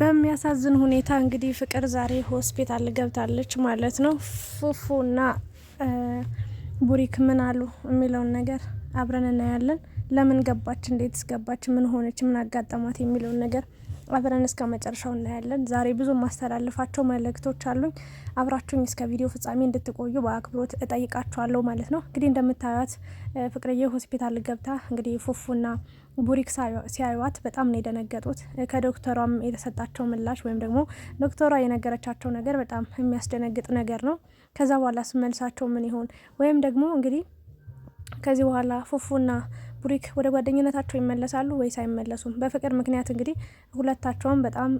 በሚያሳዝን ሁኔታ እንግዲህ ፍቅር ዛሬ ሆስፒታል ገብታለች ማለት ነው። ፉፉና ቡሪክ ምን አሉ የሚለውን ነገር አብረን እናያለን። ለምን ገባች፣ እንዴት ገባች፣ ምን ሆነች፣ ምን አጋጠማት የሚለውን ነገር አብረን እስከ መጨረሻው እናያለን። ዛሬ ብዙ ማስተላልፋቸው መልእክቶች አሉኝ። አብራችሁኝ እስከ ቪዲዮ ፍጻሜ እንድትቆዩ በአክብሮት እጠይቃችኋለሁ ማለት ነው። እንግዲህ እንደምታዩት ፍቅርዬ ሆስፒታል ገብታ እንግዲህ ፉፉና ቡሪክ ሲያዩዋት በጣም ነው የደነገጡት። ከዶክተሯም የተሰጣቸው ምላሽ ወይም ደግሞ ዶክተሯ የነገረቻቸው ነገር በጣም የሚያስደነግጥ ነገር ነው። ከዛ በኋላ ስመልሳቸው ምን ይሆን ወይም ደግሞ እንግዲህ ከዚህ በኋላ ፉፉና ቡሪክ ወደ ጓደኝነታቸው ይመለሳሉ ወይስ አይመለሱም? በፍቅር ምክንያት እንግዲህ ሁለታቸውም በጣም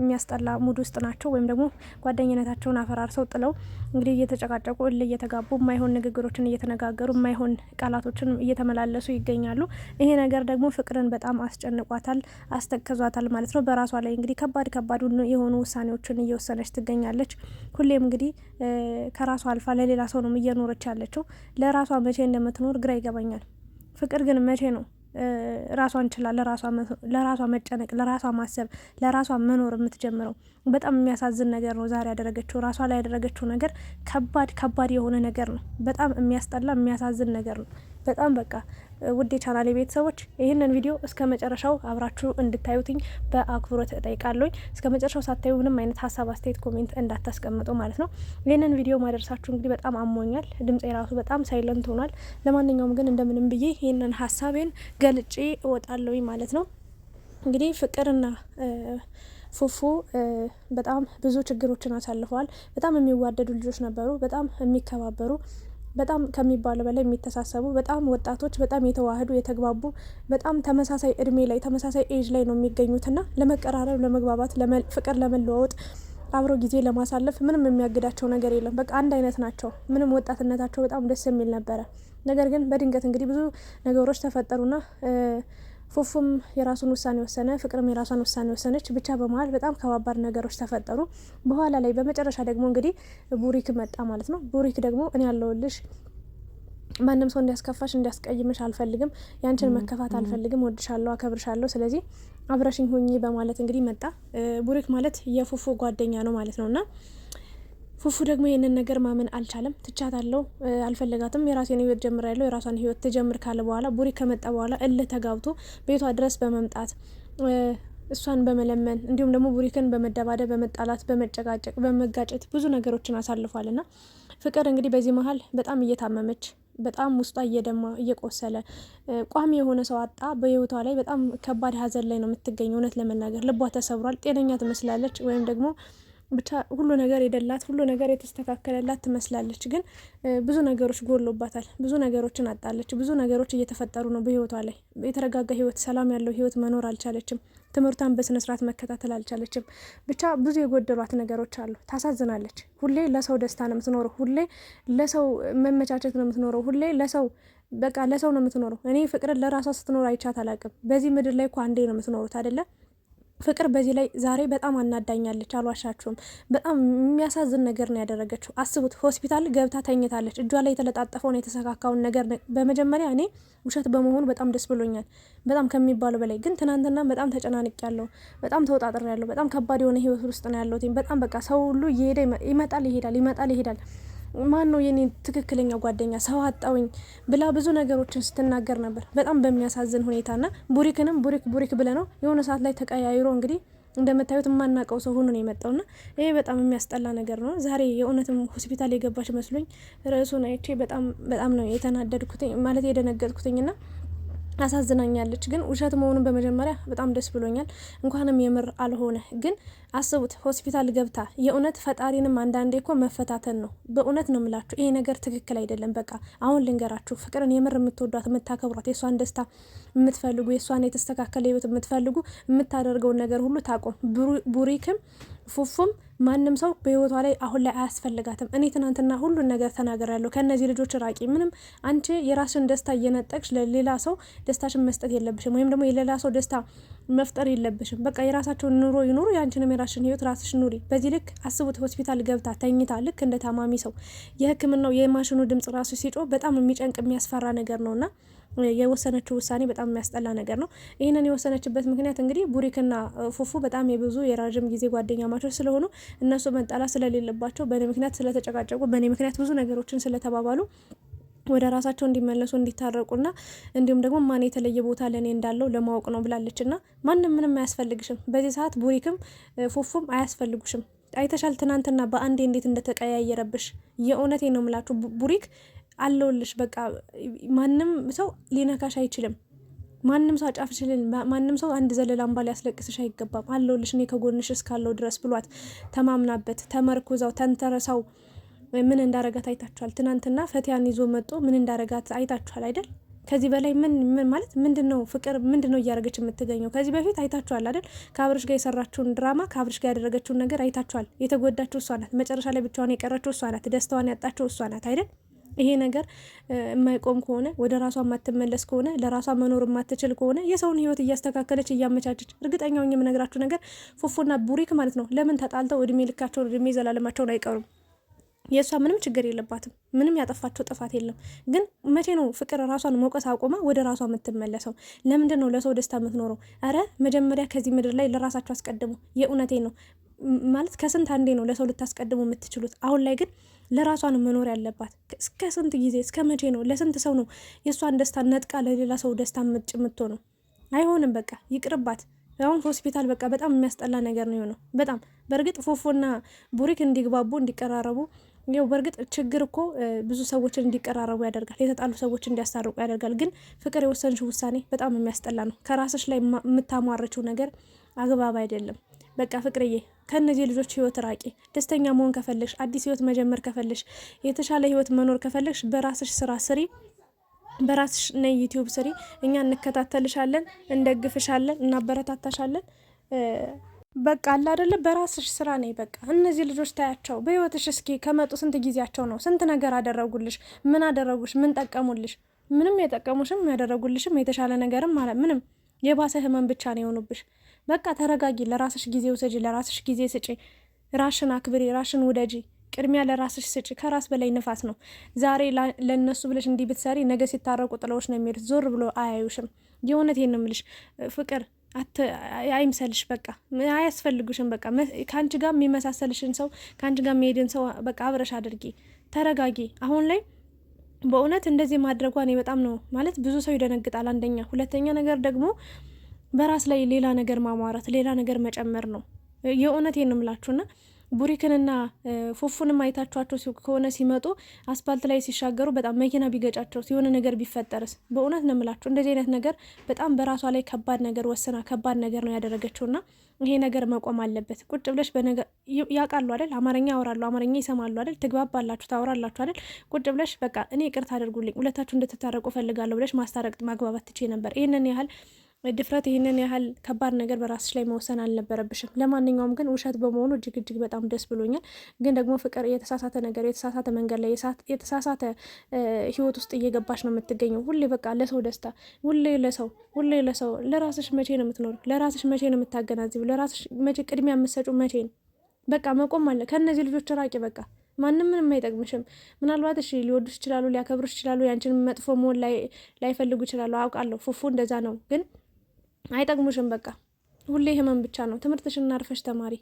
የሚያስጠላ ሙድ ውስጥ ናቸው። ወይም ደግሞ ጓደኝነታቸውን አፈራርሰው ጥለው እንግዲህ እየተጨቃጨቁ እል እየተጋቡ የማይሆን ንግግሮችን እየተነጋገሩ የማይሆን ቃላቶችን እየተመላለሱ ይገኛሉ። ይሄ ነገር ደግሞ ፍቅርን በጣም አስጨንቋታል፣ አስተክዟታል ማለት ነው። በራሷ ላይ እንግዲህ ከባድ ከባድ የሆኑ ውሳኔዎችን እየወሰነች ትገኛለች። ሁሌም እንግዲህ ከራሷ አልፋ ለሌላ ሰው ነው እየኖረች ያለችው። ለራሷ መቼ እንደምትኖር ግራ ይገባኛል። ፍቅር ግን መቼ ነው ራሷን ችላ ለራሷ መጨነቅ፣ ለራሷ ማሰብ፣ ለራሷ መኖር የምትጀምረው? በጣም የሚያሳዝን ነገር ነው ዛሬ ያደረገችው። ራሷ ላይ ያደረገችው ነገር ከባድ ከባድ የሆነ ነገር ነው። በጣም የሚያስጠላ የሚያሳዝን ነገር ነው። በጣም በቃ ውድ የቻናሌ ቤተሰቦች ይህንን ቪዲዮ እስከ መጨረሻው አብራችሁ እንድታዩትኝ በአክብሮት እጠይቃለሁኝ። እስከ መጨረሻው ሳታዩ ምንም አይነት ሀሳብ፣ አስተያየት፣ ኮሜንት እንዳታስቀምጡ ማለት ነው። ይህንን ቪዲዮ ማደረሳችሁ እንግዲህ በጣም አሞኛል። ድምጽ የራሱ በጣም ሳይለንት ሆኗል። ለማንኛውም ግን እንደምንም ብዬ ይህንን ሀሳቤን ገልጬ እወጣለሁኝ ማለት ነው። እንግዲህ ፍቅርና ፉፉ በጣም ብዙ ችግሮችን አሳልፈዋል። በጣም የሚዋደዱ ልጆች ነበሩ። በጣም የሚከባበሩ በጣም ከሚባለው በላይ የሚተሳሰቡ በጣም ወጣቶች በጣም የተዋህዱ የተግባቡ በጣም ተመሳሳይ እድሜ ላይ ተመሳሳይ ኤጅ ላይ ነው የሚገኙትና ለመቀራረብ፣ ለመግባባት፣ ፍቅር ለመለዋወጥ አብሮ ጊዜ ለማሳለፍ ምንም የሚያግዳቸው ነገር የለም። በቃ አንድ አይነት ናቸው። ምንም ወጣትነታቸው በጣም ደስ የሚል ነበረ። ነገር ግን በድንገት እንግዲህ ብዙ ነገሮች ተፈጠሩና ፉፉም የራሱን ውሳኔ ወሰነ፣ ፍቅርም የራሷን ውሳኔ ወሰነች። ብቻ በመሀል በጣም ከባባድ ነገሮች ተፈጠሩ። በኋላ ላይ በመጨረሻ ደግሞ እንግዲህ ቡሪክ መጣ ማለት ነው። ቡሪክ ደግሞ እኔ ያለውልሽ ማንም ሰው እንዲያስከፋሽ እንዲያስቀይምሽ አልፈልግም፣ ያንችን መከፋት አልፈልግም፣ ወድሻለሁ፣ አከብርሻለሁ፣ ስለዚህ አብረሽኝ ሁኚ በማለት እንግዲህ መጣ። ቡሪክ ማለት የፉፉ ጓደኛ ነው ማለት ነውና ፉፉ ደግሞ ይህንን ነገር ማመን አልቻለም። ትቻታለሁ፣ አልፈለጋትም፣ የራሴን ህይወት ጀምራለሁ፣ የራሷን ህይወት ትጀምር ካለ በኋላ ቡሪ ከመጣ በኋላ እልህ ተጋብቶ ቤቷ ድረስ በመምጣት እሷን በመለመን እንዲሁም ደግሞ ቡሪክን በመደባደብ በመጣላት፣ በመጨቃጨቅ፣ በመጋጨት ብዙ ነገሮችን አሳልፏል እና ፍቅር እንግዲህ በዚህ መሀል በጣም እየታመመች በጣም ውስጧ እየደማ እየቆሰለ ቋሚ የሆነ ሰው አጣ። በህይወቷ ላይ በጣም ከባድ ሀዘን ላይ ነው የምትገኘው። እውነት ለመናገር ልቧ ተሰብሯል። ጤነኛ ትመስላለች ወይም ደግሞ ብቻ ሁሉ ነገር የደላት ሁሉ ነገር የተስተካከለላት ትመስላለች፣ ግን ብዙ ነገሮች ጎሎባታል። ብዙ ነገሮችን አጣለች። ብዙ ነገሮች እየተፈጠሩ ነው በህይወቷ ላይ። የተረጋጋ ህይወት፣ ሰላም ያለው ህይወት መኖር አልቻለችም። ትምህርቷን በስነስርዓት መከታተል አልቻለችም። ብቻ ብዙ የጎደሏት ነገሮች አሉ። ታሳዝናለች። ሁሌ ለሰው ደስታ ነው የምትኖረው። ሁሌ ለሰው መመቻቸት ነው የምትኖረው። ሁሌ ለሰው በቃ ለሰው ነው የምትኖረው። እኔ ፍቅርን ለራሷ ስትኖር አይቻት አላቅም። በዚህ ምድር ላይ እኮ አንዴ ነው የምትኖሩት አይደለም ፍቅር በዚህ ላይ ዛሬ በጣም አናዳኛለች፣ አልዋሻችሁም። በጣም የሚያሳዝን ነገር ነው ያደረገችው። አስቡት፣ ሆስፒታል ገብታ ተኝታለች። እጇ ላይ የተለጣጠፈውን የተሰካካውን ነገር በመጀመሪያ እኔ ውሸት በመሆኑ በጣም ደስ ብሎኛል፣ በጣም ከሚባሉ በላይ ግን ትናንትና በጣም ተጨናንቅ ያለው በጣም ተወጣጥር ያለው በጣም ከባድ የሆነ ህይወት ውስጥ ነው ያለሁት። በጣም በቃ ሰው ሁሉ ይሄዳል ይመጣል፣ ይሄዳል፣ ይመጣል፣ ይሄዳል ማን ነው የኔ ትክክለኛ ጓደኛ ሰው አጣውኝ ብላ ብዙ ነገሮችን ስትናገር ነበር በጣም በሚያሳዝን ና ቡሪክንም ቡሪክ ቡሪክ ብለ ነው የሆነ ሰዓት ላይ ተቀያይሮ እንግዲህ እንደምታዩት የማናቀው ሰው ሆኖ ነው የመጣውና ይሄ በጣም የሚያስጠላ ነገር ነው። ዛሬ የእውነትም ሆስፒታል የገባች መስሎኝ ርዕሱን አይቼ በጣም በጣም ነው የተናደድኩትኝ ማለት የደነገጥኩትኝና አሳዝናኛለች ግን ውሸት መሆኑን በመጀመሪያ በጣም ደስ ብሎኛል። እንኳንም የምር አልሆነ። ግን አስቡት ሆስፒታል ገብታ የእውነት ፈጣሪንም አንዳንዴ እኮ መፈታተን ነው። በእውነት ነው ምላችሁ ይሄ ነገር ትክክል አይደለም። በቃ አሁን ልንገራችሁ፣ ፍቅርን የምር የምትወዷት የምታከብሯት፣ የእሷን ደስታ የምትፈልጉ፣ የእሷን የተስተካከለ ህይወት የምትፈልጉ የምታደርገውን ነገር ሁሉ ታቆም። ቡሪክም ፉፉም ማንም ሰው በህይወቷ ላይ አሁን ላይ አያስፈልጋትም። እኔ ትናንትና ሁሉን ነገር ተናግሬያለሁ። ከእነዚህ ልጆች ራቂ። ምንም አንቺ የራስሽን ደስታ እየነጠቅሽ ለሌላ ሰው ደስታሽን መስጠት የለብሽም፣ ወይም ደግሞ የሌላ ሰው ደስታ መፍጠር የለብሽም። በቃ የራሳቸውን ኑሮ ይኑሩ፣ የአንቺንም የራስሽን ህይወት ራስሽ ኑሪ። በዚህ ልክ አስቡት፣ ሆስፒታል ገብታ ተኝታ ልክ እንደ ታማሚ ሰው የህክምናው የማሽኑ ድምጽ ራሱ ሲጮ በጣም የሚጨንቅ የሚያስፈራ ነገር ነውና የወሰነችው ውሳኔ በጣም የሚያስጠላ ነገር ነው። ይህንን የወሰነችበት ምክንያት እንግዲህ ቡሪክና ፉፉ በጣም የብዙ የረዥም ጊዜ ጓደኛ ማቾች ስለሆኑ እነሱ መጣላ ስለሌለባቸው በእኔ ምክንያት ስለተጨቃጨቁ፣ በእኔ ምክንያት ብዙ ነገሮችን ስለተባባሉ ወደ ራሳቸው እንዲመለሱ እንዲታረቁና እንዲሁም ደግሞ ማን የተለየ ቦታ ለእኔ እንዳለው ለማወቅ ነው ብላለች። እና ማንም ምንም አያስፈልግሽም በዚህ ሰዓት ቡሪክም ፉፉም አያስፈልጉሽም። አይተሻል ትናንትና በአንዴ እንዴት እንደተቀያየረብሽ። የእውነቴ ነው ምላችሁ ቡሪክ አለውልሽ በቃ ማንም ሰው ሊነካሽ አይችልም። ማንም ሰው አጫፍሽ ማንም ሰው አንድ ዘለላ አምባ ሊያስለቅስሽ አይገባም። አለውልሽ እኔ ከጎንሽ እስካለው ድረስ ብሏት ተማምናበት ተመርኩዛው ተንተረሳው ምን እንዳረጋት አይታችኋል። ትናንትና ፈቲያን ይዞ መጦ ምን እንዳረጋት አይታችኋል አይደል? ከዚህ በላይ ምን ምን ማለት ምንድን ነው? ፍቅር ምንድን ነው እያደረገች የምትገኘው? ከዚህ በፊት አይታችኋል አይደል? ከአብርሽ ጋር የሰራችውን ድራማ ከአብርሽ ጋር ያደረገችውን ነገር አይታችኋል። የተጎዳችው እሷ ናት። መጨረሻ ላይ ብቻዋን የቀረችው እሷ ናት። ደስታዋን ያጣችው እሷ ናት አይደል? ይሄ ነገር የማይቆም ከሆነ ወደ ራሷ የማትመለስ ከሆነ ለራሷ መኖር የማትችል ከሆነ የሰውን ህይወት እያስተካከለች እያመቻቸች፣ እርግጠኛው የምነግራችሁ ነገር ፉፉና ቡሪክ ማለት ነው ለምን ተጣልተው እድሜ ልካቸውን እድሜ ዘላለማቸውን አይቀሩም። የእሷ ምንም ችግር የለባትም። ምንም ያጠፋቸው ጥፋት የለም። ግን መቼ ነው ፍቅር ራሷን መውቀስ አቁማ ወደ ራሷ የምትመለሰው? ለምንድን ነው ለሰው ደስታ የምትኖረው? አረ መጀመሪያ ከዚህ ምድር ላይ ለራሳቸው አስቀድሙ። የእውነቴ ነው ማለት ከስንት አንዴ ነው ለሰው ልታስቀድሙ የምትችሉት። አሁን ላይ ግን ለራሷ ነው መኖር ያለባት። እስከ ስንት ጊዜ እስከ መቼ ነው? ለስንት ሰው ነው የእሷን ደስታ ነጥቃ ለሌላ ሰው ደስታ ምጭ ነው። አይሆንም። በቃ ይቅርባት። አሁን ሆስፒታል በቃ በጣም የሚያስጠላ ነገር ነው የሆነው። በጣም በእርግጥ ፎፎና ቡሪክ እንዲግባቡ እንዲቀራረቡ ይኸው በእርግጥ ችግር እኮ ብዙ ሰዎችን እንዲቀራረቡ ያደርጋል፣ የተጣሉ ሰዎች እንዲያስታርቁ ያደርጋል። ግን ፍቅር የወሰንሽ ውሳኔ በጣም የሚያስጠላ ነው። ከራስሽ ላይ የምታሟረችው ነገር አግባብ አይደለም። በቃ ፍቅርዬ ከእነዚህ ልጆች ህይወት ራቂ። ደስተኛ መሆን ከፈለሽ፣ አዲስ ህይወት መጀመር ከፈለሽ፣ የተሻለ ህይወት መኖር ከፈለሽ በራስሽ ስራ ስሪ፣ በራስሽ ነይ ዩቲዩብ ስሪ። እኛ እንከታተልሻለን፣ እንደግፍሻለን፣ እናበረታታሻለን። በቃ አለ አደለ፣ በራስሽ ስራ ነይ በቃ እነዚህ ልጆች ታያቸው በህይወትሽ። እስኪ ከመጡ ስንት ጊዜያቸው ነው? ስንት ነገር አደረጉልሽ? ምን አደረጉሽ? ምን ጠቀሙልሽ? ምንም የጠቀሙሽም ያደረጉልሽም የተሻለ ነገርም ማለት ምንም የባሰ ህመም ብቻ ነው የሆኑብሽ። በቃ ተረጋጊ፣ ለራስሽ ጊዜ ውሰጂ፣ ለራስሽ ጊዜ ስጪ፣ ራሽን አክብሪ፣ ራሽን ውደጂ፣ ቅድሚያ ለራስሽ ስጪ። ከራስ በላይ ንፋስ ነው። ዛሬ ለእነሱ ብለሽ እንዲህ ብትሰሪ ነገ ሲታረቁ ጥለውሽ ነው የሚሄዱት። ዞር ብሎ አያዩሽም። የእውነት ይህን ምልሽ ፍቅር አይምሰልሽ በቃ አያስፈልጉሽም። በቃ ከአንቺ ጋር የሚመሳሰልሽን ሰው ከአንቺ ጋር የሚሄድን ሰው በቃ አብረሽ አድርጊ። ተረጋጊ። አሁን ላይ በእውነት እንደዚህ ማድረጓ እኔ በጣም ነው ማለት ብዙ ሰው ይደነግጣል። አንደኛ፣ ሁለተኛ ነገር ደግሞ በራስ ላይ ሌላ ነገር ማሟራት፣ ሌላ ነገር መጨመር ነው። የእውነቴን ነው ቡሪክንና ፉፉንም አይታችኋቸው ከሆነ ሲመጡ አስፓልት ላይ ሲሻገሩ በጣም መኪና ቢገጫቸው የሆነ ነገር ቢፈጠርስ? በእውነት ነው የምላችሁ እንደዚህ አይነት ነገር በጣም በራሷ ላይ ከባድ ነገር ወስና ከባድ ነገር ነው ያደረገችውና ይሄ ነገር መቆም አለበት። ቁጭ ብለሽ በነገር ያውቃሉ አይደል? አማርኛ ያወራሉ፣ አማርኛ ይሰማሉ አይደል? ትግባባላችሁ፣ ታወራላችሁ አይደል? ቁጭ ብለሽ በቃ እኔ ይቅርታ አድርጉልኝ፣ ሁለታችሁ እንድትታረቁ ፈልጋለሁ ብለሽ ማስታረቅ ማግባባት ትቼ ነበር። ይህንን ያህል ድፍረት ይህንን ያህል ከባድ ነገር በራስሽ ላይ መውሰን አልነበረብሽም። ለማንኛውም ግን ውሸት በመሆኑ እጅግ እጅግ በጣም ደስ ብሎኛል። ግን ደግሞ ፍቅር የተሳሳተ ነገር፣ የተሳሳተ መንገድ ላይ የተሳሳተ ህይወት ውስጥ እየገባሽ ነው የምትገኘው። ሁሌ በቃ ለሰው ደስታ፣ ሁሌ ለሰው፣ ሁሌ ለሰው። ለራስሽ መቼ ነው የምትኖር? ለራስሽ መቼ ነው የምታገናዝብ? ለራስሽ መቼ ቅድሚያ የምትሰጩ? መቼ ነው በቃ መቆም አለ። ከእነዚህ ልጆች ራቂ በቃ ማንም ምንም አይጠቅምሽም። ምናልባት እሺ ሊወዱሽ ይችላሉ፣ ሊያከብሩሽ ይችላሉ፣ ያንችን መጥፎ መሆን ላይፈልጉ ይችላሉ፣ አውቃለሁ። ፉፉ እንደዛ ነው ግን አይጠቅሙሽም። በቃ ሁሌ ህመም ብቻ ነው። ትምህርትሽን እናርፈሽ ተማሪ፣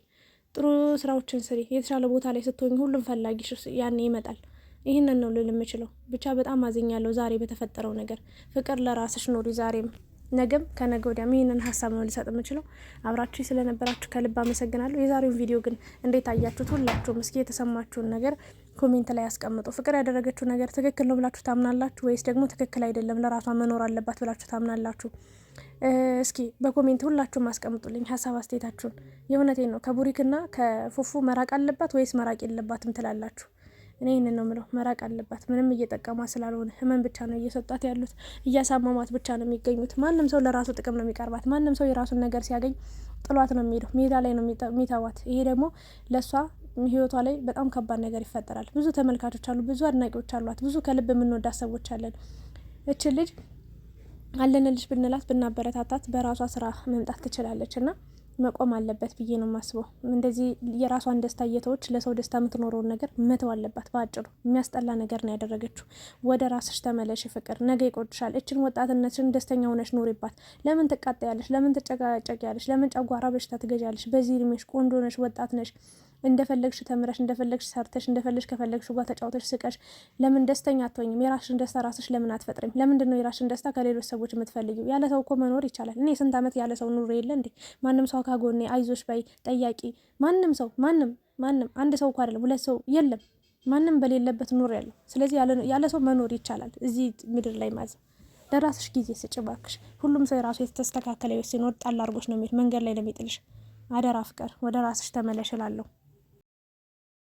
ጥሩ ስራዎችን ስሪ። የተሻለ ቦታ ላይ ስትሆኝ ሁሉም ፈላጊሽ ያኔ ይመጣል። ይህንን ነው ልል የምችለው። ብቻ በጣም አዝኛለሁ ዛሬ በተፈጠረው ነገር። ፍቅር ለራስሽ ኖሪ ዛሬም ነገም ከነገ ወዲያም ይህንን ሀሳብ ነው ልሰጥ የምችለው። አብራችሁ ስለነበራችሁ ከልብ አመሰግናለሁ። የዛሬውን ቪዲዮ ግን እንዴት አያችሁት? ሁላችሁም እስኪ የተሰማችሁን ነገር ኮሜንት ላይ ያስቀምጡ። ፍቅር ያደረገችው ነገር ትክክል ነው ብላችሁ ታምናላችሁ ወይስ ደግሞ ትክክል አይደለም ለራሷ መኖር አለባት ብላችሁ ታምናላችሁ? እስኪ በኮሜንት ሁላችሁም አስቀምጡልኝ ሀሳብ አስተያየታችሁን። የእውነቴ ነው። ከቡሪክና ከፉፉ መራቅ አለባት ወይስ መራቅ የለባትም ትላላችሁ? እኔ ይህንን ነው ምለው፣ መራቅ አለባት። ምንም እየጠቀሟ ስላልሆነ ህመም ብቻ ነው እየሰጧት ያሉት፣ እያሳመሟት ብቻ ነው የሚገኙት። ማንም ሰው ለራሱ ጥቅም ነው የሚቀርባት። ማንም ሰው የራሱን ነገር ሲያገኝ ጥሏት ነው የሚሄደው፣ ሜዳ ላይ ነው የሚተዋት። ይሄ ደግሞ ለእሷ ህይወቷ ላይ በጣም ከባድ ነገር ይፈጠራል። ብዙ ተመልካቾች አሉ፣ ብዙ አድናቂዎች አሏት፣ ብዙ ከልብ የምንወዳት ሰዎች አለን። እችን ልጅ አለንልሽ ብንላት ብናበረታታት በራሷ ስራ መምጣት ትችላለች እና መቆም አለበት ብዬ ነው የማስበው። እንደዚህ የራሷን ደስታ እየተወች ለሰው ደስታ የምትኖረውን ነገር መተው አለባት። በአጭሩ የሚያስጠላ ነገር ነው ያደረገችው። ወደ ራስሽ ተመለሽ ፍቅር፣ ነገ ይቆጭሻል። እችን ወጣትነትሽን ደስተኛ ሆነሽ ኖሪባት። ለምን ትቃጠያለሽ? ለምን ትጨቃጨቂያለሽ? ለምን ጨጓራ በሽታ ትገዣለሽ? በዚህ እድሜሽ ቆንጆ ነሽ፣ ወጣት ነሽ። እንደፈለግሽ ተምረሽ እንደፈለግሽ ሰርተሽ እንደፈለግሽ ከፈለግሽ ጋር ተጫውተሽ ስቀሽ ለምን ደስተኛ አትሆኝም? የራስሽን ደስታ ራስሽ ለምን አትፈጥሪም? ለምንድን ነው የራስሽን ደስታ ከሌሎች ሰዎች የምትፈልጊው? ያለ ሰው እኮ መኖር ይቻላል። እኔ ስንት ዓመት ያለ ሰው ኑሮ የለ እንዴ? ማንም ሰው ካጎኔ አይዞሽ ባይ ጠያቂ ማንም ሰው ማንም ማንም አንድ ሰው እኮ አይደለም ሁለት ሰው የለም ማንም በሌለበት ኑሮ ያለው። ስለዚህ ያለ ሰው መኖር ይቻላል እዚህ ምድር ላይ ማለት ነው። ለራስሽ ጊዜ ስጭ ባክሽ። ሁሉም ሰው የራሱ የተስተካከለ ሲኖር ጣል አድርጎሽ ነው የሚሄድ፣ መንገድ ላይ ነው የሚጥልሽ። አደራ ፍቅር፣ ወደ ራስሽ ተመለሽ እላለሁ።